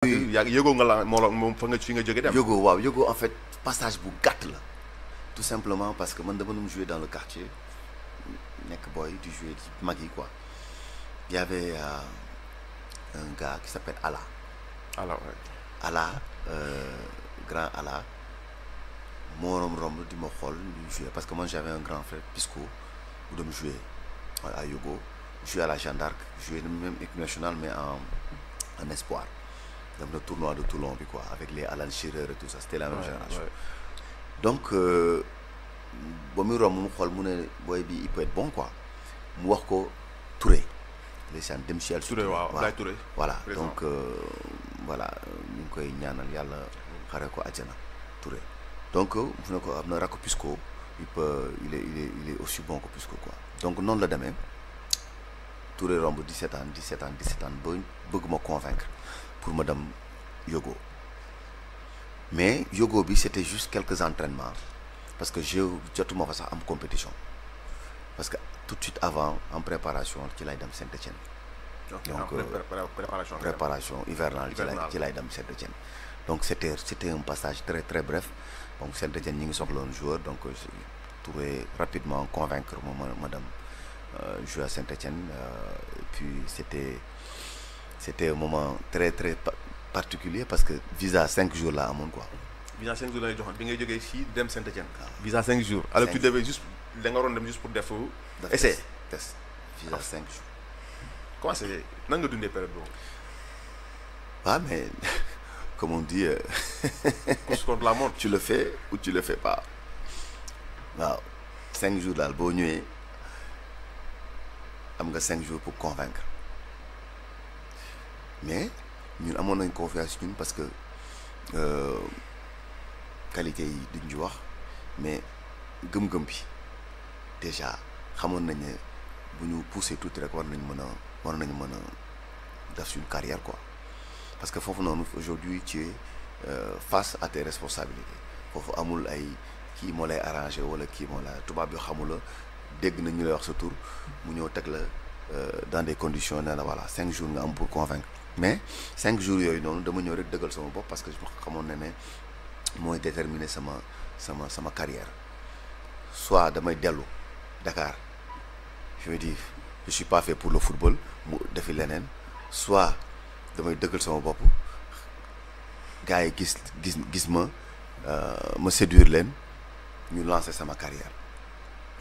Yogo, wow, Yogo, nga la fa nga fi nga en fait passage bu gàtt là. tout simplement parce que man dama doon jouer dans le quartier nekk boy, du jouer ci quoi. Il y avait euh, un gars qui s'appelle Ala. Ala ouais. Ala euh, grand Ala moo romb di ma xool jouer parce que moi j'avais un grand frère Pisco bu me jouer à Yogo jouer à la Jeanne d'Arc jouer même équipe nationale mais en en espoir. Le le tournoi de Toulon puis quoi avec les Alan Shearer et tout ça c'était la même génération donc ba muy romb peut xool mu ne il peut être bon quoi mu wax ko Touré ndeysaan dem si yàlla Touré voilà Touré euh, voilà donc voilà Il a koy ñaanal yàlla xare ko Adiana Touré donc fu euh, ne ko am na il peut il est il est aussi bon que Pisco quoi donc non la même Touré romb 17 ans 17 ans 17 ans ba bëgg me convaincre pour madame Yogo mais Yogo c'était juste quelques entraînements parce que je tout fa à en compétition parce que tout de suite avant en préparation qui l'a Dame saint Etienne, donc euh, préparation hivernale Dame saint Etienne. donc c'était c'était un passage très très bref donc saint etienne nous sommes soxla joueur donc euh, trouvé rapidement convaincre Madame madame euh, jouer à saint etienne puis c'était c'était un moment très très particulier parce que visa 5 jours là à mon quoi. Visa 5 jours là, je suis jogé ici, dem Saint-Etienne. Ah. Visa 5 jours. Alors tu devais juste, juste pour défaut Essai. Test. Visa 5 ah. jours. Comment c'est Comment tu as période Ah, mais comme on dit, euh, la mort tu le fais ou tu le fais pas. waaw 5 jours là boo ñëwee am nga 5 jours pour convaincre mais ñun amoon nañ confiance ñun parce que euh, qualité yi duñ wax mais gëm-gëm bi déjà xamone nañ ne bu ñu poussé rek war nañ mëna war nañ mëna a une carrière quoi parce que fofu noonu aujourd'hui tu es euh, face à tes responsabilités fofu amul ay ki mo lay arranger wala ki mo la tubaab yoo xamula dégg na ñu lay wax sa tour mu ñëw teg la euh, dans des conditions là la voilà cinq jours nga am pour convaincre mais cinq jours yoy non dama ñëw rek dëggal sama bop parce que je xamone né moy déterminer sama sama sama carrière soit damay dellu Dakar je me dis je suis pas fait pour le football mu defi lenen soit damay dëggal sama bop gars yi gis gis gis ma euh, me séduire leen ñu lancer sama carrière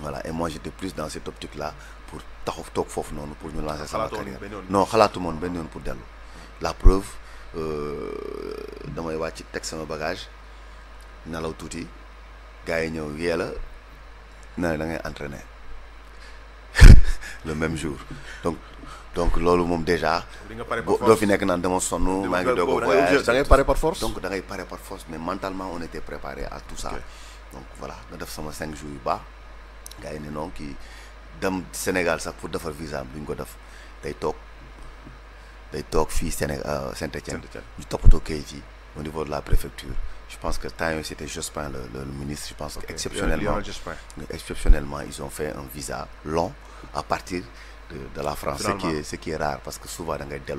voilà et moi j'étais plus dans cette optique là pour taxof tok fofu non, pour ñu lancer sama carrière non xalaatu mon ben yon pour dellu la preuve euh, damay wàcc teg sama bagage nelaw tuuti gars yi ñëw yee la na da ngay entraîner le même jour donc donc lolu mom déjà. do fi nek naan dama sonu ma ngi dogo voyage da ngay paré par force. donc da ngay paré par force mais mentalement on était préparé à tout ça. donc voilà nga def sama 5 jours yu baax. gars yi ne non ki dem Sénégal sax pour defal visa buñ ko def tay tok les saint etienne au niveau de la préfecture je pense que c'était Jospin le, le, ministre je pense exceptionnellement ils ont fait un visa long à partir de, la France ce qui est ce qui est rare parce que souvent da a des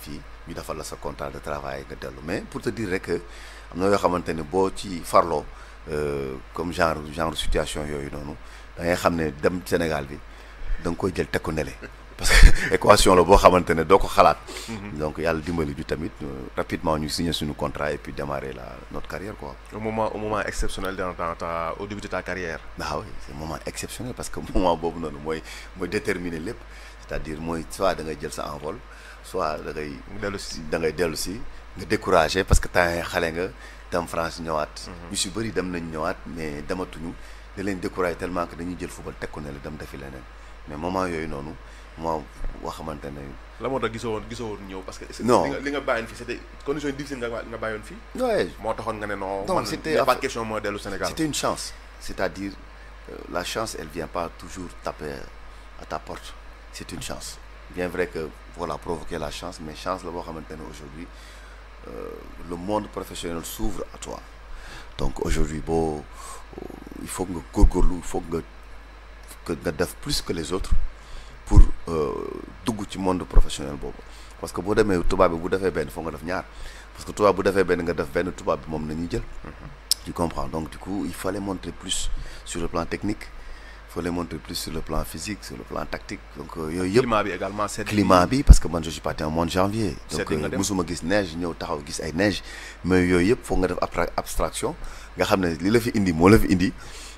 fii il a fallu sa contrat de travail mais pour te dire que nous avons yoo xamante farlo euh, comme genre genre situation il noonu da ngay xam ne dem Sénégal donc da nga koy jël parce que équation la boo xamante ne doo ko xalaat. Mhm. donc yàlla dimbali ju tamit euh, rapidement ñu signer suñu contrat et puis démarrer la notre carrière quoi. au moment au moment exceptionnel dans ta au début de ta carrière. ah oui c'est un moment exceptionnel parce que moment boobu noonu mooy mooy déterminé lépp c'est-à-dire mooy soit da ngay jël sa envol soit da ngay. dellu si da ngay dellu si nga découragé parce que temps xale nga dem France ñëwaat. Mhm. ñu si bëri dem nañ ñëwaat mais dematuñu da leen décourager tellement que dañuy jël football teg ko ne la dem defi leneen mais moment yooyu noonu moi boo xamante ne. la moo tax gisoo woon gisoo parce que. non li nga bàyyoon fii c'était condition difficile nga nga bàyyoon fii. oui ne non. c'était pas question moo dellu Sénégal. c'était une chance c'est-à-dire euh, la chance elle vient pas toujours taper à ta porte c'est une chance bien vrai que voilà provoquer la chance mais chance la boo xamante ne aujourd'hui euh, le monde professionnel s'ouvre à toi donc aujourd'hui boo il faut que góorgóorlu il faut que nga def plus que les autres. Euh, dugg ci monde professionnel bobu parce que bo démé tubaab bi bu défé ben fo nga def ñaar parce que tubaab bu défé ben nga def ben tubaab bi mom nañu jël. Mhm. tu comprends donc du coup il fallait montrer plus sur le plan technique il fallait montrer plus sur le plan physique sur le plan tactique donc il euh, y climat bi également c'est climat bi parce que man je suis parti en mois de janvier. donc euh, musuma gis neige ñëw taxaw gis ay neige mais il faut foog nga def abstraction nga xam li la fi indi moo indi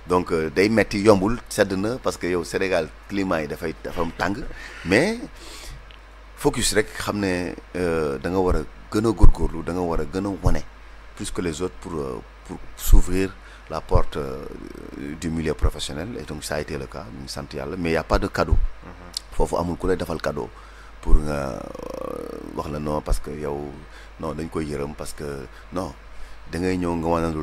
donc euh, day metti yombul sedna parce que yow Sénégal climat yi dafay dafa am tang mais focus rek xamné euh da nga wara gëna gën a da nga wara gëna woné wane plus que les autres pour euh, pour s'ouvrir la porte euh, du milieu professionnel et donc ça a été le cas ñu sant yalla mais y a pas de cadeau mm-hmm. fofu amul ku lay defal cadeau pour nga wax la non parce que yow non dañ koy yërem parce que non da ngay ñëw nga wane lu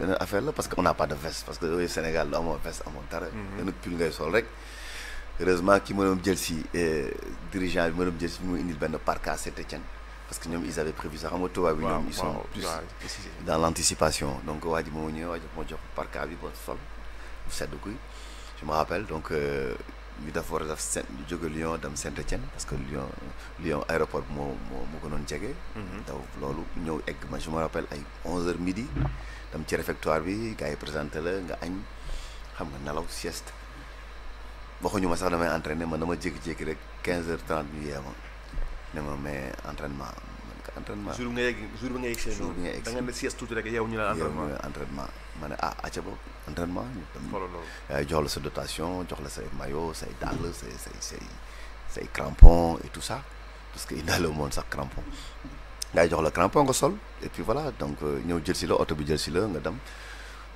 beneen affaire là parce que on n'a pas de veste parce que au Sénégal lu amoo veste amoon dara. Mhm. nous pull ngay sol rek. heureusement qui mënoon jël si eh, dirigeant bi mënoon jël si mu indil benn parka Saint-Étienne parce que ils avaient prévu ça xam nga tubaab ils sont plus dans l'anticipation donc waa ji moo ñëwee waa ji moo jox parka bi bon sol mu sedd kuy je me rappelle donc. Euh, ñu def war a def seen jóge Lyon dem Saint-Étienne parce que Lyon Lyon aéroport bi moo moo ko gënoon jege. Mhm. daw loolu ñëw egg ma je me rappelle ay 11h midi. dam ci réfectoire bi gars yi présenté la nga añ xam nga nalaw sieste waxuñu ma sax damay entraîné man dama jékki-jékki rek quinze h 30 ñu yee ma ne ma mais entrainement entraînement jour bi nga yegg jour bi nga yegg jour bi nga yegg da nga ne sieste tuuti rek yow ñu la entraînement entraînement mané ne ah acca boobu entraînement ñu euh, jox la sa dotation jox la sa maillot say dàll say say say say crampon et tout ça parce que il indaale le monde sax crampon ngay jox la crampon nga sol et puis voilà donc ñeu jël ci le auto bi jël ci le nga dem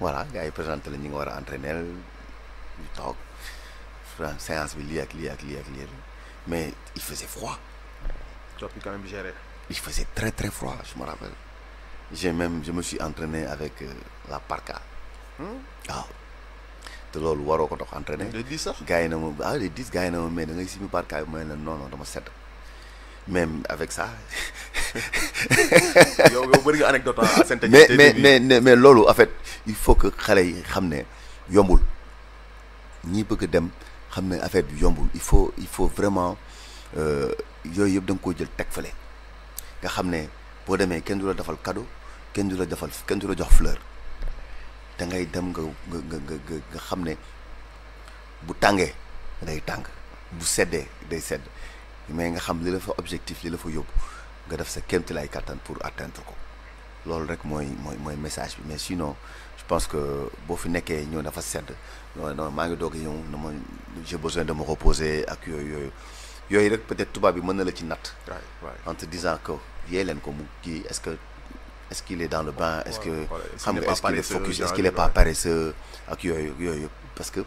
voilà gars yi présenté la ñi nga war entraîner ñu toog séance bi lii ak lii ak lii ak lii mais il faisait froid. tu as pu quand même gérer. Il faisait très très froid, je me rappelle. J'ai même, je me suis entraîné avec euh, la parka. Tu hmm? ah. te loolu waroo entraîné. le 10 ça? ah 10 gars mais parka non non dama même avec ça. mais mais mais mais en fait il faut que xale ramener Yomboul. ne yombul que bëgg dem affaire du il faut il faut vraiment Euh, yo, nga xamné bo démé demee kenn du defal cadeau kenn dula la defal kenn du jox fleur da ngay dem nga nga nga nga nga xamné bu tangé day tang bu sédé day sedd mais nga xam li la fa objectif li la fa yob nga def sa kéemtalaay katan pour atteindre ko lool rek moy moy moy message bi mais sinon je pense que bo fi nekkee ñëw dafa sedd non non ma ngi dog a ñëw na j'ai besoin de me reposer ak yooyu yooyu yooyu rek peut-être tuba bi mën na la ci natt. en te disant que est-ce que est-ce qu'il est dans le bain est-ce que est qu'il est focus est-ce qu'il est pas paresseux parce que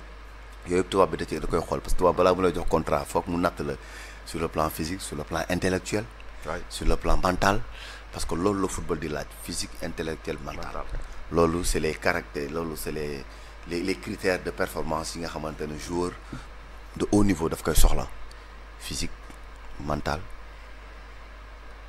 toi, parce que toi contrat sur le plan physique sur le plan intellectuel sur le plan mental parce que que le football di physique intellectuel mental c'est les caractères c'est les les critères de performance yi nga xamante joueur de haut niveau de koy soxla physique mental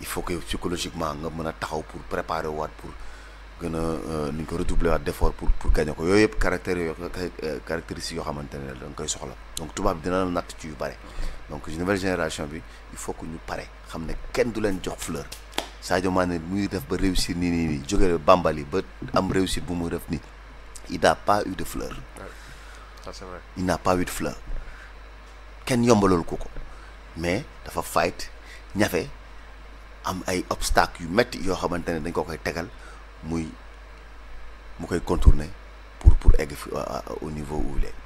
il faut que psychologiquement nga mën taxaw pour préparer waat pour gëna a euh, ni ko redoubler waat d'effort pour pour gagner ko yoyep caractère yo caractéristiques yoo xamante ne da koy soxla donc tubaab bi dina la nat ci yu bari donc nouvelle génération bi il faut que ñu paré xam ne kenn du leen jox fleur Sadio Mané muy def ba réussir ni ni nii Bambali ba am réussite bu mu def ni il n'a pas eu de fleur ça c'est vrai il n'a pas eu de fleur kenn yombalul ko ko mais dafa fight ñafé am ay obstacles yu metti yoo xamante ne dañ koo koy tegal muy mu koy contourner pour pour egg fi euh, euh, au niveau où il